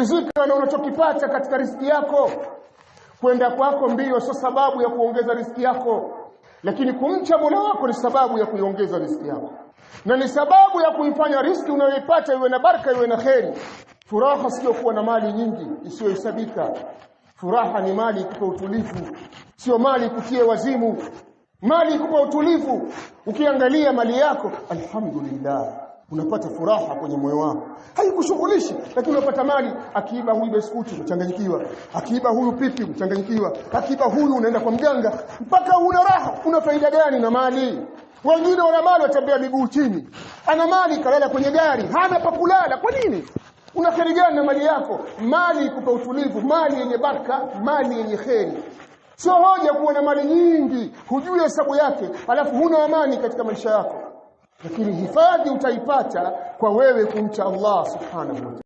Ridhika na unachokipata katika riziki yako. Kwenda kwako mbio sio sababu ya kuongeza riziki yako, lakini kumcha Mola wako ni sababu ya kuiongeza riziki yako, na ni sababu ya kuifanya riziki unayoipata iwe na baraka, iwe na kheri. Furaha sio kuwa na mali nyingi isiyohesabika. Furaha ni mali ikupa utulivu, sio mali kutie wazimu. Mali ikupa utulivu, ukiangalia mali yako, alhamdulillah unapata furaha kwenye moyo wako haikushughulishi lakini unapata mali akiiba huyu biskuti mchanganyikiwa, akiiba huyu pipi mchanganyikiwa, akiiba huyu unaenda kwa mganga mpaka una raha una faida gani na mali wengine wana mali watembea miguu chini ana mali kalala kwenye gari hana pa kulala kwa nini una kheri gani na mali yako mali ikupa utulivu mali yenye baraka mali yenye kheri sio hoja kuwa na mali nyingi hujui hesabu yake alafu huna amani katika maisha yako lakini hifadhi utaipata kwa wewe kumcha Allah subhanahu wa ta'ala